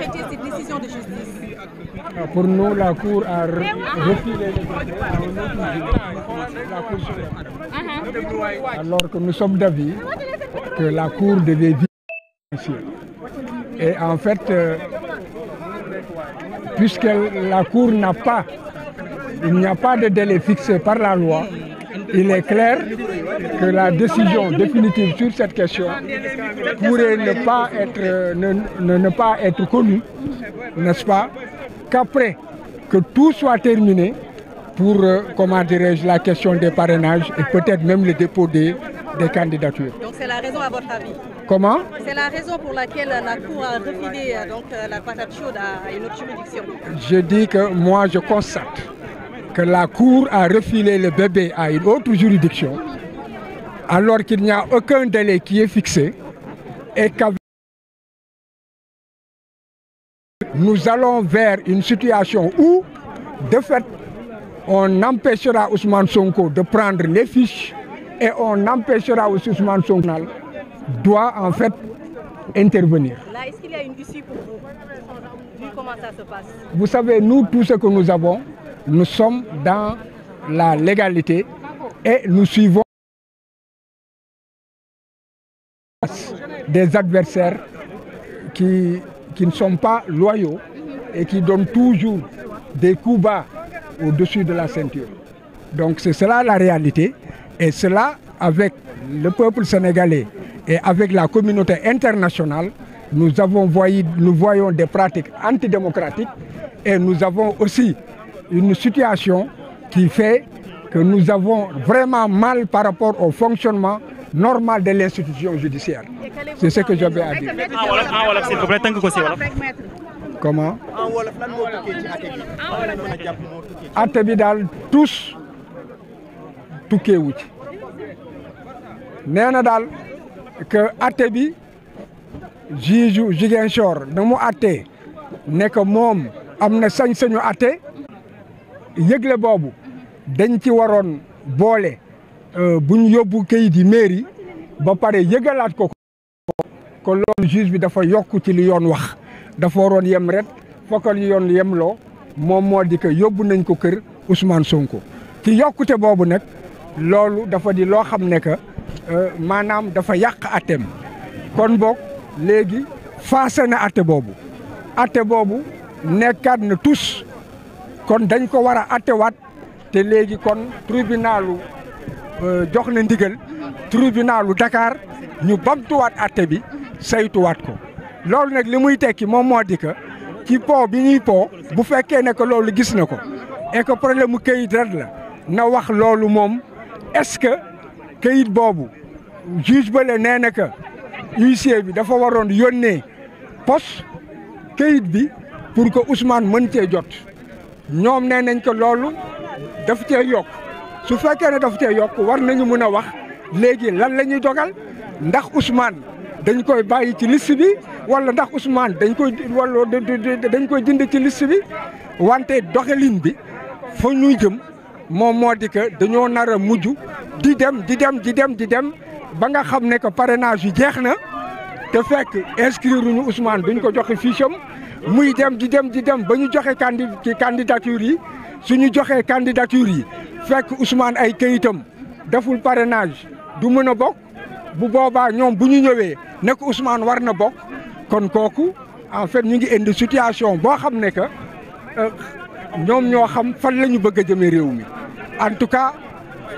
Ah, pour nous, la Cour a refusé la uh-huh. Alors que nous sommes d'avis que la Cour devait vivre Et en fait, euh, puisque la Cour n'a pas, il n'y a pas de délai fixé par la loi, il est clair que la décision définitive sur cette question pourrait ne pas être, ne, n'est-ce pas, qu'après que tout soit terminé pour, euh, comment dirais-je, la question des parrainages et peut-être même le dépôt des, candidatures. Comment euh, euh, Je dis que moi je constate que la Cour a refilé le bébé à une autre juridiction, alors qu'il n'y a aucun délai qui est fixé, et qu'avec nous allons vers une situation où, de fait, on empêchera Ousmane Sonko de prendre les fiches et on empêchera aussi Ousmane Sonko doit en fait intervenir. Là, vous savez, nous, tout ce que nous avons, nous sommes légalité et nous suivons des adversaires qui, qui ne sont pas loyaux et qui donnent toujours des coups bas de la ceinture. Donc c'est cela la réalité et cela avec le peuple sénégalais et avec la communauté internationale, nous, avons voyé, nous voyons des pratiques antidémocratiques et nous avons aussi une situation qui fait que nu avons vraiment mal par rapport au fonctionnement normal de l'institution judiciaire. C'est ce que j'avais a dire. Ah, ah, comment atte bi daal tous tukkeewu ci nee na daal que atte bi juge Ziguinchor na mu attee ne que moom am na sañ-sañu atte yëgle boobu dañ ci waroon boole euh, bu ñu yóbbu kayit yi mairie ba pare yëgalaat ko ko loolu juge bi dafa yokk ci li yoon wax dafa waroon yem ret fokkal yoon yemloo moom moo di que yóbbu nañ ko kër Ousmane Sonko ci yokkute boobu nag loolu dafa di loo xam ne que euh, maanaam dafa yàq atem kon boog léegi faase na atte boobu atte boobu nekkaat na tous kon dañ ko war a attewaat te léegi kon tribunalu euh, jox na ndigal tribunalu dakaar ñu bamtuwaat atte bi saytuwaat ko loolu nag li muy tekki moom moo di que ci po bi ñuy po bu fekkee ne que loolu gis na ko et que problème mu kayit rek la na wax loolu moom est-ce que kayit boobu juge ba la nee na que huissier bi dafa waroon yónnee poste kayit bi pour que Ousmane mën cee jot. ñoom nee nañ ko loolu dafa cee yokk su fekkee ne dafa cee yokk war nañu mën a wax léegi lan la ñuy dogal ndax Ousmane dañ koy bàyyi ci liste bi wala ndax Ousmane dañ koy wala dañ koy dind ci liste bi wante doxalin bi foo ñuy jëm moom moo di que dañoo nar a mujj di dem di dem di dem ba nga xam ne que parrainage yi jeex na te fekk inscrire ñu Ousmane duñ ko joxe fiche am muy dem di dem di dem ba ñu joxe candi candidature yi suñu joxee candidature yi fekk Ousmane ay kayitam deful parrainage du mën a bokk bu boobaa ñoom bu ñu ñëwee nekk Ousmane war na bokk kon kooku en fait ñu ngi indi situation boo xam ne que euh, ñoom ñoo xam fan la ñu bëgg a jëmee réew mi en tout cas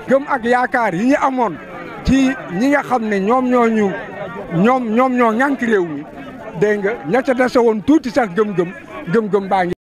gëm ak yaakaar yi ñu amoon ci ñi nga xam ne ñoom ñoo ñoom ñoom ñoo ñànk réew mi dégg nga ña ca dese woon tuuti sax gëm-gëm gëm-gëm baa ngi.